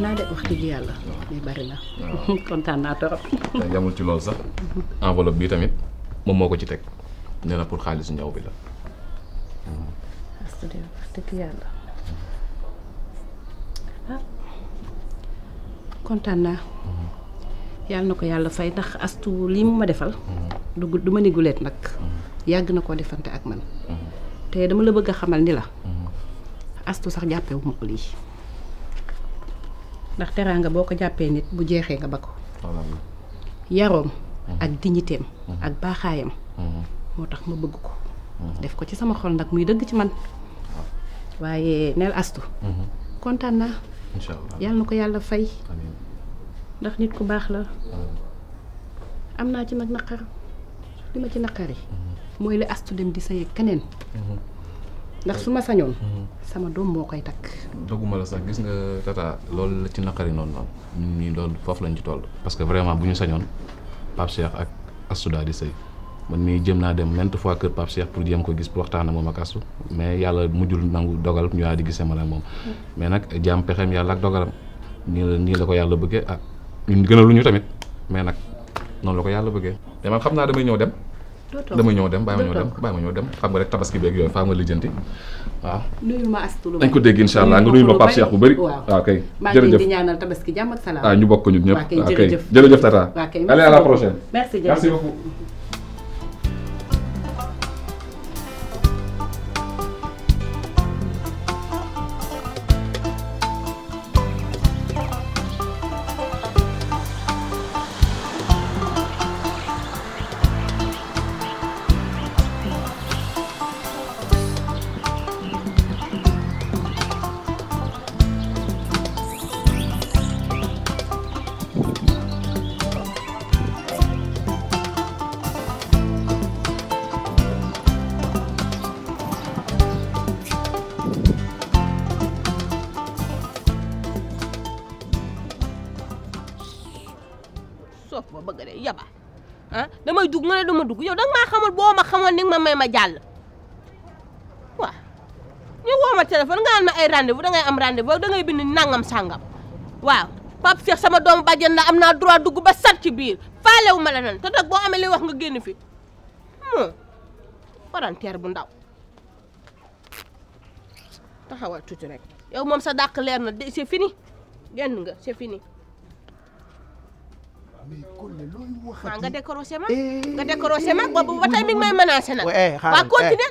kontaan naa yàlla. bari na. kontaan naa torop. ci loolu bi tamit moom ko ci teg nee xaalisu njaw bi yàlla ah. kontaan naa yàlla na ko yàlla fay ndax astu lii mu ma defal. du ma ni guleet nag. yàgg na koo defante ak man. Mm-hmm. te dama la bëgg a xamal ni la. Mm-hmm. astu sax jàppewuma ko lii. ndax teraanga boo ko jàppee nit bu jeexee nga ba ko yaroom mhm. ak dignitéem mhm. ak baaxaayam mhm. moo tax ma bëgg ko def ko ci sama xol nag muy dëgg ci man waaye neel astu kontaan naa yàlla na ko yàlla fay ndax nit ku baax la am naa ci nag naqar li ma ci naqari mooy li astu dem di saye keneen ndax su ma sañoon. sama doom moo koy takk. doguma la sax gis nga tata loolu la ci naqari noon noonu ñun ñii loolu lañ ci toll. parce que vraiment bu ñu sañoon Pape Cheikh ak di sëy man mii jëm naa dem maintes fois kër Pape pour jéem ko gis pour waxtaan ak moom ak Astou mais yàlla mujjul nangu dogal ñu di gisee ma moom. mais nag jaam pexeem yàlla ak dogalam nii la nii la ko yàlla bëggee ah ñun gënaluñu mais nag noonu la ko yàlla bëggee. mais man xam naa damay ñëw dem. dama ñëw dem bàyyi ma ñëw dem bàyyi ma ñëw dem xam nga rek tabaski beeg yooyu faa nga lijjanti waaw. dañ ko dégg incha allah nga nuyu ma Pape Cheikh bu bëri. waaw ah, kay jërëjëf di tabaski jàmm ak salaam. ah ñu bokk ñun ñëpp. waaw ah, kay jërëjëf jërëjëf Tata. la prochaine. merci dugg nga ne duma dugg yow danga maa xamul boo ma xamoon ni ma may ma jàll waaw ñu woo ma téléphone nga naan ma ay rendez-vous dangay am rendez-vous dangay bind nangam sàngam waaw Pape Cheikh sama doomu bàjjen na am na droit dugg ba sat ci biir faalewu ma la nan te nag boo amee li wax nga génn fi moom parenteer bu ndaw taxawal tuuti rek yow moom sa dàq leer na c'est fini génn fini waaw nga décroché ma eh. nga décroché ma boobu ba tey mi ngi may eh, menacé nag. Eh, waaw continué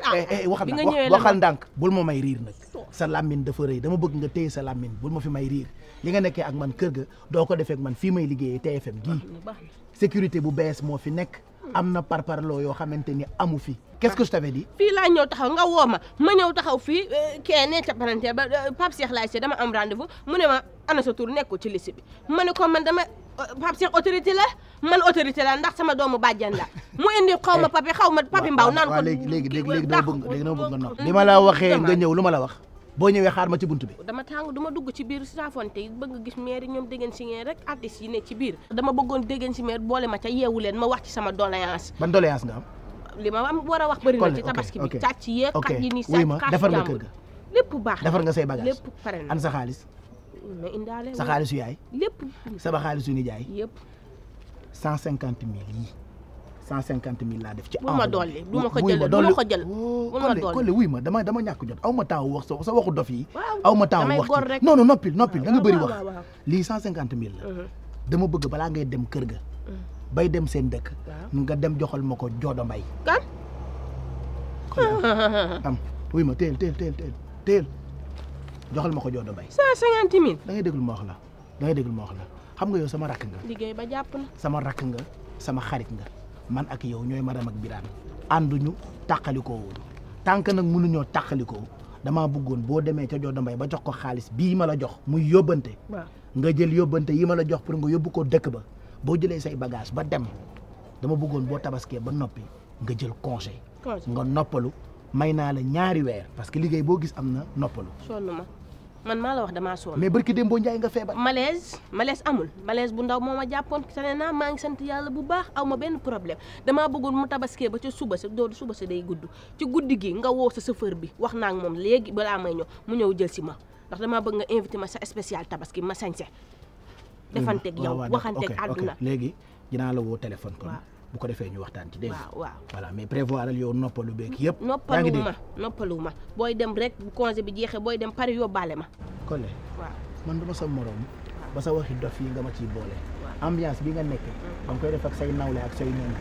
ah waxal bul ma may riir nag. sa làmmiñ dafa rëy dama bëgg nga téye sa làmmiñ bul ma fi may riir li nga nekkee ak man kër ga doo ko defee man fii may liggéeyee fem gii sécurité bu bees moo fi nekk. am na parparloo yoo xamante ni amu fi. qu'est-ce que je fii laa ñëw taxaw nga woo ma ma ñëw taxaw fii euh, kee ne ca parenté ba euh, Pape Cheikh laay dama am rendez-vous mu ne ma ana sa tur nekkul ci liste bi Pape Cheikh autorité la man autorité la ndax sama doomu bàjjan la mu indi xaw ma papi xaw ma papi mbaw naan ko léegi léegi léegi léegi dama bëgg léegi dama bëgg nga nopp li ma la waxee nga ñëw lu ma la wax boo ñëwee xaar ma ci bunt bi dama tàng duma dugg ci biir saafonte yi bëgg gis maire ñoom déggan si ngeen rek artistes ne ci biir dama bëggoon déggan si maire boole ma ca yeewuleen ma wax ci sama doléance ban doléance nga am li ma am war a wax bëri na ci tabaski bi càcc yeeg xaj yi ni sa defar nga kër ga lépp baax defar nga say bagage lépp pare na an sa xaalis na indaale sa xaalisu yaay. lépp sama xaalisu cent cinquante mille yi. cent cinquante mille laa def ci. aw ma ma dama ñàkk jot aw ma temps wax sa waxu dof yi. aw ma temps wax ci non noppil noppil da nga bëri wax. lii cent cinquante mille la. Mhm. dama bëgg balaa ngay dem kër ga. Mhm. bay dem seen dëkk. nga dem joxal ma ko Joodo a kan. am wuy ma teel teel teel joxal ma ko joodo bay cent cinquante mille da ngay déglu ma wax la da déglu ma la xam nga yow sama rakk nga liggéey ba jàpp sama rakk nga sama xarit nga man ak yow ñooy madame ak biraan ànduñu tàqalikoo woon tànk nag mënuñoo tàqalikoo damaa bëggoon boo demee ca joodo mbay ba jox ko xaalis bii ma la jox muy yóbbante nga jël yóbbante yi ma la jox pour nga yóbbu ko dëkk ba boo jëlee say bagage ba dem dama bëggoon boo tabaskee ba noppi nga jël congé nga noppalu may naa la ñaari weer parce que liggéey boo gis am na noppalu man maa la wax damaa sonn. mais barki Dembo Ndiaye nga feebar. malaise malaise amul malaise bu ndaw moo ma jàppoon te nee naa maa ngi sant yàlla bu baax aw ma benn problème damaa bëggul mu tabaskee ba ca suba sa doodu suba sa day gudd ci guddi gi nga woo sa chauffeur bi wax naa ak moom léegi balaa may ñëw mu ñëw jël si ma ndax damaa bëgg nga invité ma sa spécial tabaski ma sañse hmm. defanteeg yow waxanteeg àdduna léegi dinaa la woo téléphone kon bu ko defee ñu waxtaan ci dégg waaw waaw mais prévoir al noppalu beeg yëpp. noppalu ma noppalu ma booy dem bu congé bi jeexee booy dem Paris yóbbaale ma. Collé waaw man dama sa morom ba sa waxi dof yi nga ma ciy boole. ambiance bi nga nekk. Mm. da koy def ak say nawle ak say ñoom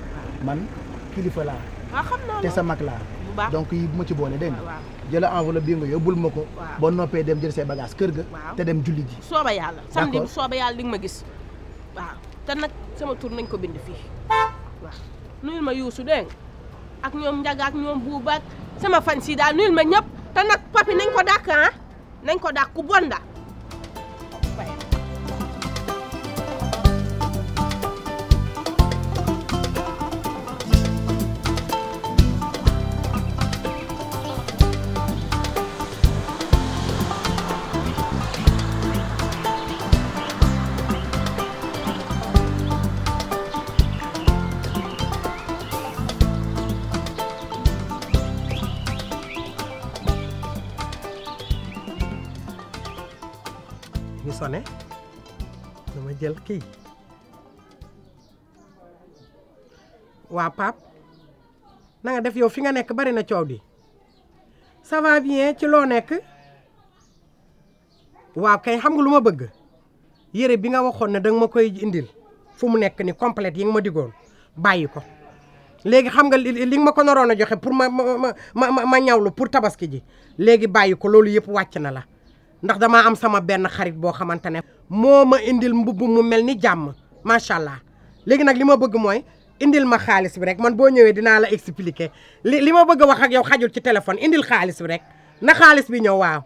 man kilifa laa. Ah, sa mag laa. donc yi bu ci boole dégg nga. jëla enveloppe bi nga yóbbul ma ko. boo noppee dem jël say bagage kër ga. te dem julli ji. sooba yàlla samedi bu sooba yàlla li nga ma gis. waaw te nag sama tur nañ ko bind fii. waaw nuyul ma yuusu dégg ak ñoom njaga ak ñoom buubaat sama fan si daal nuyul ma ñëpp te nag papi nañ ko dàq ah nañ ko dàq ku bonda jël kii waa pap na def yow fi nga nekk bari na coow di ça bien ci loo nekk waa kay xam nga lu ma bëgg yére bi nga waxoon ne danga ma koy indil fu mu nekk ni complet yi nga ma digoon bàyyi ko léegi xam nga li li nga ma ko naroon a joxe pour ma ma ma ma ñaw ñawlu pour tabaski ji léegi bàyyi ko loolu yëpp wàcc na la ndax damaa am sama benn xarit boo xamante ne moo ma indil mbubb mu mel ni jàmm macha allah léegi nag li ma bëgg mooy indil ma xaalis bi rek man boo ñëwee dinaa la expliquer li li ma bëgg a wax ak yow xajul ci téléphone indil xaalis bi rek na xaalis bi ñëw waaw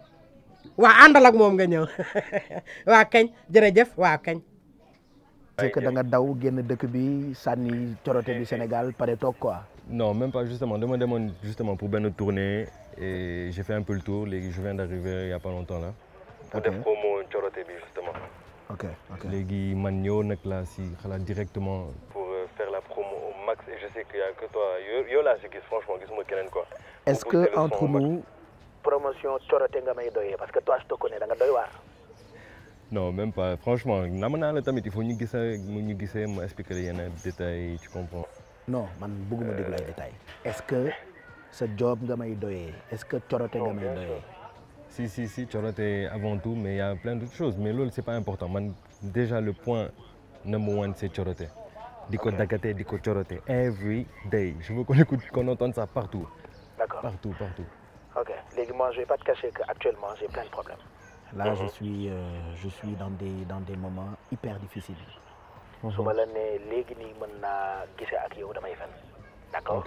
waa àndal ak moom nga ñëw waa kañ jërëjëf waa kañ que da nga daw génn dëkk bi sànni corote bi Sénégal pare toog quoi non même pas justement dama demoon justement pour benn tournée et j'ai fait le tour léegi je y a mu def ko moo corote bi justement. ok ok léegi man ñëwoon nag laa si xalaat directement. pour euh, faire la promo au max et je sais que y' a que toi yow laa si gis franchement gisuma keneen quoi. est ce que entre nous. promotion nga may doyee parce que toi je te da nga doy waar. non même pas franchement nam naa la tamit il faut ñu gisee ñu gisee ma expliquer la yenn détails yi tu comprends. non man bëgguma déglu ay euh. détails. est ce nga may doyee est ce que corote nga may doyee. si si si Thiorote avant tout mais il y a plein d'autres mais loolu c'est pas important déjà le point number one c'est Thiorote di ko daggate di ko Thiorote every day je veux qu'on écoute qu'on entende ça partout d'accord partout partout ok léegi moi je vais pas te cacher que actuellement j'ai plein de problèmes là je mhm. euh, suis dans des dans des moments hyper difficiles su ma la ne gise ak yow damay fen d'accord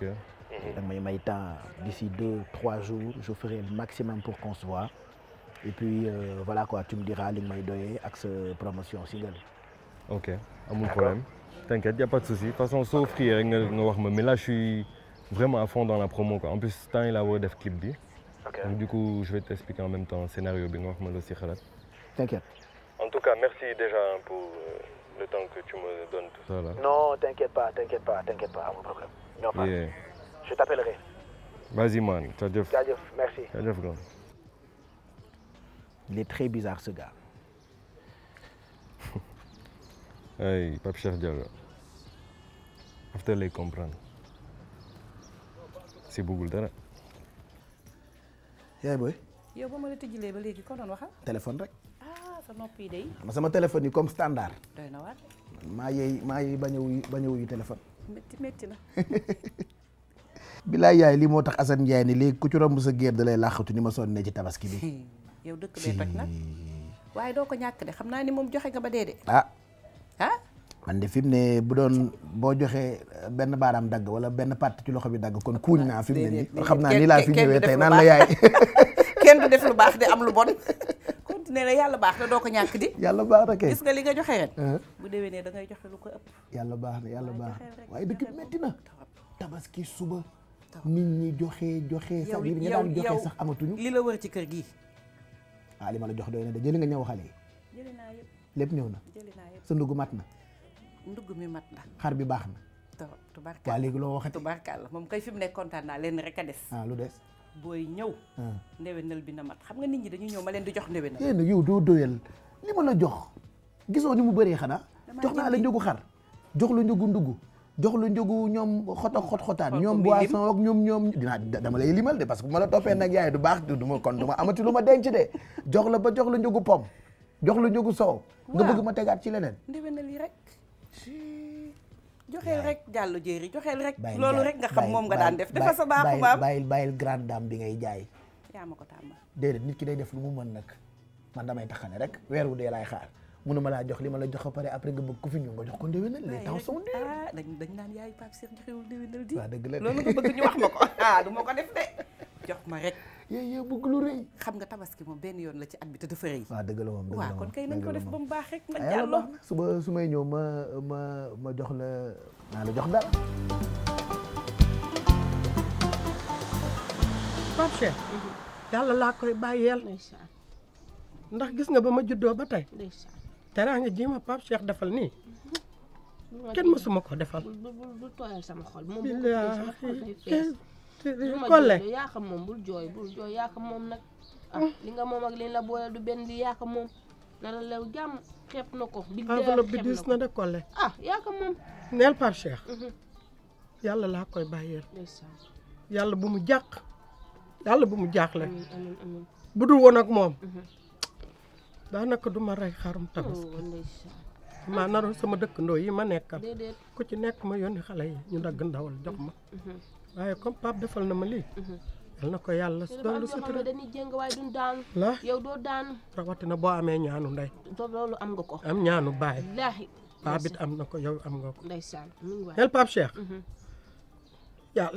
da nga may may temps d'ici deux trois jours je ferai le maximum pour qu'on se euh, voilà quoi tu me diras li nga may doyee ak sa promotion single ok amul problème y a pas de souci de toute façon soo nga wax ma mais là je suis vraiment à dans la promo quoi en plus temps yi laa war a def clip je vais t'expliquer en même temps scénario bi nga wax ma si xalaat t'inquiète en tout cas merci déjà pour euh, le temps que tu me donnes tout ça là. non t'inquiète pas t'inquiète pas t'inquiète pas amul problème je t'appellerai. Vas-y man jaajëf jaajëf merci jaajëf gars. il est très bizarre ce ay Pape Cheikh Diallo after lay comprendre si bëggul dara. yaay ba ma la tijjilee ba léegi ko doon waxal. téléphone rek. ah sa nopp yi day. ma téléphone yi comme standard. na waar. maa yey maa yey bañ a téléphone. bilaay yaay lii moo tax Assane Ndiaye ni léegi ku ci romb sa géer da lay làqatu ni ma sonnee ci tabaski bi. yow dëkk bee toj nag waaye doo ko ñàkk de xam naa ni moom joxe nga ba dee de. ah. ah? man de fi mu ne bu doon boo joxee benn baaraam dagg wala benn pàtt ci loxo bi dagg kon kuuñ naa fi mu ne nii xam naa ni laa fi ñëwee tey naan la yaay. kenn du def lu baax de am lu bon. continué yàlla baax na doo ko ñàkk di. yàlla baax na kay li nga joxe ren. Uh-huh. bu déwénee da ngay joxe lu baax na yàlla baax na waaye dëkk bi na. tabaski suba. nit ñi joxe joxe sax yi ñu daan joxe sax amatuñu. li la wër ci kër gi. ah li ma la jox doy na de jëli nga ñëw xale yi. lépp ñëw na. jëli naa sa ndugg mat na. ndugg mi mat na. xar bi baax na. tubarkalla waaw léegi loo wax waxati tubarkalla moom kay fi mu nekk kontaan naa leen rek a des. ah lu des. booy ñëw. Ah. nal bi na mat xam nga nit ñi dañuy ñëw ma leen di jox ndewenal. yéen yow doo doyal li ma la jox gisoo ni mu bëree xanaa. jox naa la njëgu xar jox la njëgu ndugg jox la njëgu ñoom xoto xot xotaan ñoom boisson ak ñoom ñoom dinaa dama lay limal de parce que bu ma la toppee nag yaay du baax du ma kon du ma ma denc de jox la ba jox la njëgu pom jox la njëgu soow nga bëgg ma tegaat ci leneen ndéwénal yi rek joxeel rek jàllu jéeri joxeel rek loolu rek nga xam moom nga daan def dafa sa baaxu baam bàyyil bàyyil grande dame bi ngay jaay yaa ma ko nit ki day def lu mu mën nag man damay ne rek weer dee laay xaar mënuma laa jox li ma la jox ba pare après nga bëgg ko fi ñëw nga jox ko ndéwénal les temps sont ah, dañ naan yaay Pape Cheikh joxewul ndéwénal di la loolu nga bëgg ñu wax ma ko ah ko def de jox ma rek yéy yéy bëgg lu rëy xam nga tabaski moom benn yoon la ci at bi te dafa rëy waaw dëgg la moom dëgg la kon kay nañ ko def ba mu baax rek ma su may ñëw ma ma ma jox la jox dara Pape Cheikh mhm. yàlla ndax gis nga ba ma juddoo ba tey teraanga ji ma Pape Cheikh defal nii mm-hmm. kenn mësuma ko defal. bu bu xol. moom bu moom bul jooy bul moom nag. Ah, mm. li nga moom ak li la boole du benn li yaa xam moom. nara ko. dig enveloppe ah, neel Pape Cheikh. Mm-hmm. yàlla laa koy bàyyeel. yàlla bu mu jàq. yàlla bu mu jaaxle. bu dul woon ak moom. Mm-hmm. daanaka du ma rey xarum tabaski oh, maa naroon sama dëkkandoo yi ma nekkal ku ci nekk ma yónni xale yi ñu dagg ndawal jox ma mm-hmm. waaye comme Pape defal na ma lii mm-hmm. yal na ko yàlla doon lu sutura jéng waaye duñ la yow doo daanu rawatina boo amee ñaanu ndey loolu am nga ko ñaanu baay Pape am na ko yow am nga ko nel Pape Cheikh mm-hmm. yaa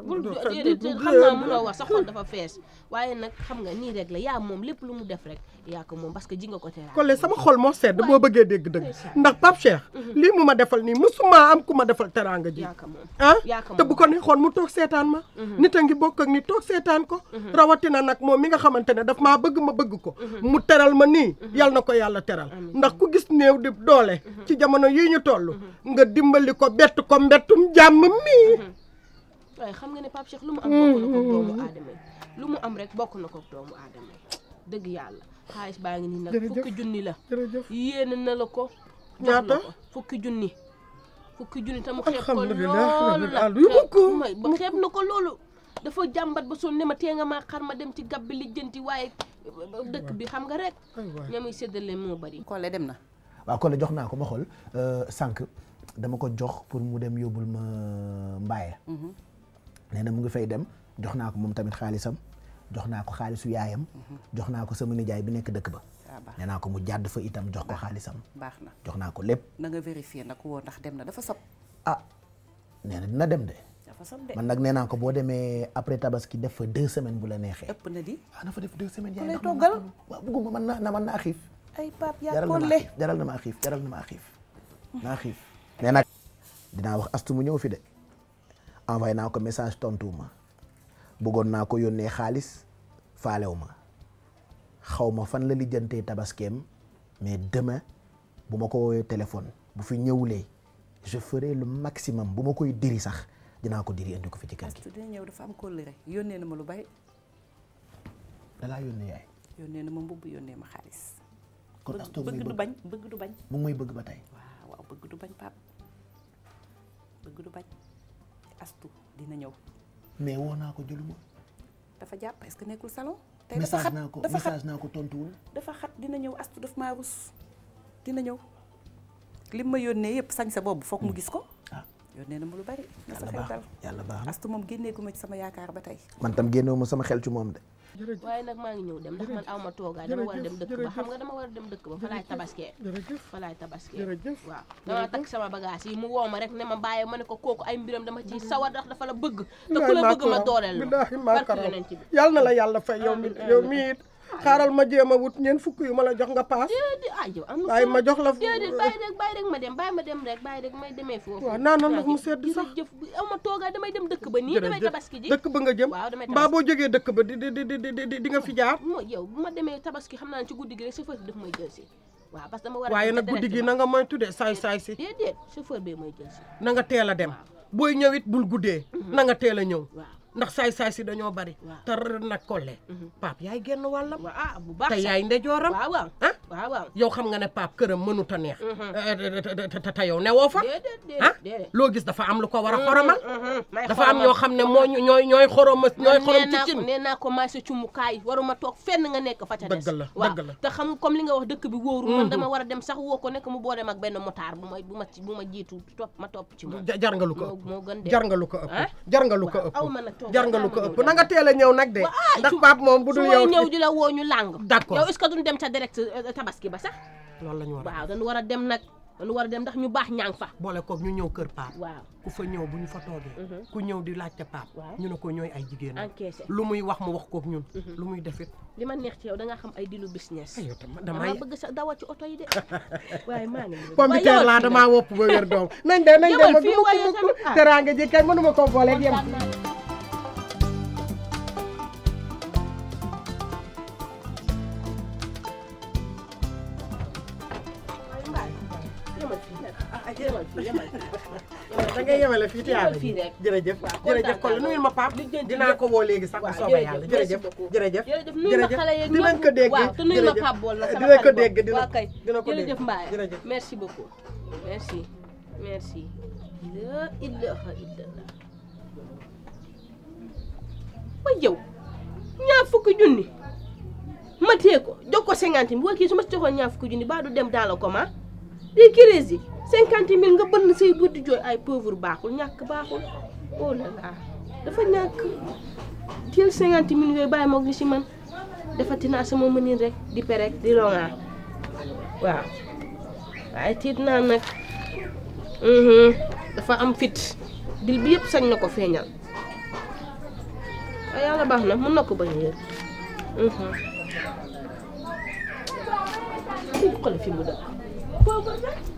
bul déedéet xam naa mënoo wax dafa fees waaye nag xam nga nii rek yaa moom lépp lu mu def rek yaa ko moom parce que ji nga ko teraa Collé sama xol moo sedd boo bëggee dégg dëgg ndax Pape Cheikh mhm. lii mu ma defal nii musuma am ku ma defal teraanga ji ah te bu ko neexoon mu toog seetaan ma mhm. nit a ngi bokk ak ni toog seetaan ko mhm. rawatina nag moom mi nga xamante ne daf maa bëgg ma bëgg ko mu teral ma nii yal na ko yàlla teral ndax ku gis néew di doole ci jamono yii ñu toll nga dimbali ko bett ko mbettum jàmm mii waaye xam nga ne Pape Cheikh lu mu am mm-hmm. na ko doomu aadama yi lu mu am rek bokk na ko doomu aadama yi dëgg yàlla xaalis baa ngi nii nag fukki junni la yéene na la ko jox la ko fukki junni fukki junni tam xeeb ko loolu nag ba xeeb na ko loolu dafa jàmbat ba son ne ma tee nga maa xar ma dem ci gab bi lijjanti waaye dëkk bi xam nga rek ñamuy séddale moo bari Kole dem na waaw jox naa ko ma xool euh, sànq dama ko jox pour mu dem yóbbul ma mbaaye mm-hmm. nee na mu ngi fay dem jox naa ko moom tamit xaalisam jox naa ko xaalisu yaayam. jox naa ko sama nijaay bi nekk dëkk ba. Ah, nee naa ko mu jàdd fa itam jox ko xaalisam. baax na jox naa ko lépp. na nga vérifier nag woo ndax dem na dafa sab. ah nee na dina dem de. man nag nee naa ko boo demee après tabaski def fa deux semaine bu la neexee. ëpp na di ah, def deux semaines. yaay ndax toggal waaw bëgguma man naa man naa xiif. ay jaral na ma xiif jaral na ma xiif naa xiif nee naa dinaa wax astu mu ñëw fi de. envoyé naa ko message tontuwuma bëggoon naa ko yónnee xaalis faalew ma xaw fan la lijjantee tabaskeem mais demain bu ma ko woowee téléphone bu fi ñëwulee je lu le maximum bu ma koy diri sax dinaa ko diri indi ko fi ci kër dina ñëw dafa am kóllëre yónnee na ma lu bay. dalaa yónnee yaay. yónnee na ma mbubb yónnee ma xaalis. bëgg du bañ bëgg du bañ. mu may bëgg ba tey. waaw astu dina ñëw. mais woo naa ko jëluma. dafa jàpp est-ce que nekkul salon. tey dafa xat naa ko message naa ko tontuwul. dafa xat dina ñëw astu daf maa rus dina ñëw. lim ma yónnee yëpp sañ sa bopp foog mu hmm. gis ko. yónnee na mu lu bari. na sa xel astu moom génneeguma ci sama yaakaar ba tey. man tam génneewuma sama xel ci moom de. waaye nag maa ngi ñëw dem ndax man aw ma toogaa dama war a dem dëkk ba xam nga dama war a dem dëkk ba fa laay tabaskee fa laay tabaskee dama takk sama bagage yi mu woo ma rek ne ma bàyyi ma ne ko kooku ay mbiram dama ci sawar ndax dafa la bëgg te ku la bëgg ma dooleel la yàlla na la yàlla fay yow mi yow mi xaaral ma jéem a wut ñeent fukk yu ma la jox nga paas. waaye ma jox la. déedéet bàyyi dem bàyyi ma dem rek bàyyi rek may demee foofu. waaw naan sax jërëjëf aw ma toogaa damay dem dëkk ba nii damay tabaski ji dëkk ba nga jëm mbaa boo jógee dëkk ba di di jaar. yow bu ma tabaski xam naa ci guddi gi rek a waaye nag guddi gi na nga moy tuddee saay saay si. déedéet chauffeur bi may jël si. nga teel a dem booy ñëw it bul guddee. Mhm. na nga teel a ñëw ndax saay-saay si dañoo bari te nag kolle mhm. paap yaay genn wàllam ah, te yaay ndejooram ah waaw waaw yow xam nga ne Pape kër mënut a neex. te te yow newoo fa. ah loo gis dafa am lu ko war a mhm, xoromal. Mhm, mhm. dafa am ñoo xam ne moo ñooy ñooy xorom ñooy xorom ci cin. nee naa ko maa sa cumukaay waruma toog fenn nga nekk fa ca des. dëgg la dëgg te xam comme li nga wax dëkk bi war a dem sax ko nekk mu boole benn motard bu ma bu ma bu topp ma topp ci moom. nga lu ko ëpp moo gën de jar ko ëpp. Ah? jar nga lu ko ëpp jar nga lu ko ëpp na nga teel a ñëw nag de. ndax Pape moom bu dul yow ñëw di woo ñu làng d'accord yow est-ce dem ca direct euh, tabaski ba sax. loolu la ñu war a waaw dañu war a dem nag dañu war a dem ndax ñu baax ñaa ngi fa. boole koog ñu ñëw kër paap. waaw ku fa ñëw bu ñu fa toogee. Mhm. ku ñëw di laajte paap. ñu ne ko ñooy ay jigéen lu muy wax mu wax koog ñun. Mhm. lu muy defit li ma neex ci yow da nga xam ay dilu business. aywa tam damay dama bëgg sa dawa ci oto yi de waaye maa ngi. pomme de terre laa damaa wopp ba wér doom nañ de nañ de ma du ma ko mukk teraanga mënuma ko booleeg yem. ngay a fii tiyaaba ji jërëjëf jërëjëf kon nuyul ma Pape dinaa ko woo léegi sax bu soobee yàlla jërëjëf jërëjëf jërëjëf dinañ ko dégg waaw te nuyul ma Pape bool nag dina ko dégg dina ko dégg jërëjëf Mbaye jërëjëf merci beaucoup merci merci la ilaha illallah ba yow ñaar fukki junni ma ko jox ko cinquante mille kii su ma si joxoon ñaar fukki junni ba du dem daala ko ma di crise cinquante mille nga bënn say bëti jooy ay pauvre baaxul ñàkk baaxul oh là là dafa ñàkk jël cinquante mille yooyu bàyyi moo gi man defati sama mënin rek di perek di longaa waaw waaye tiit naa nag mm-hmm. dafa am fit dil bi yépp sañ na ko feeñal waaye yàlla baax na mën na mm-hmm. ko bañ yër xool fi mu dëkk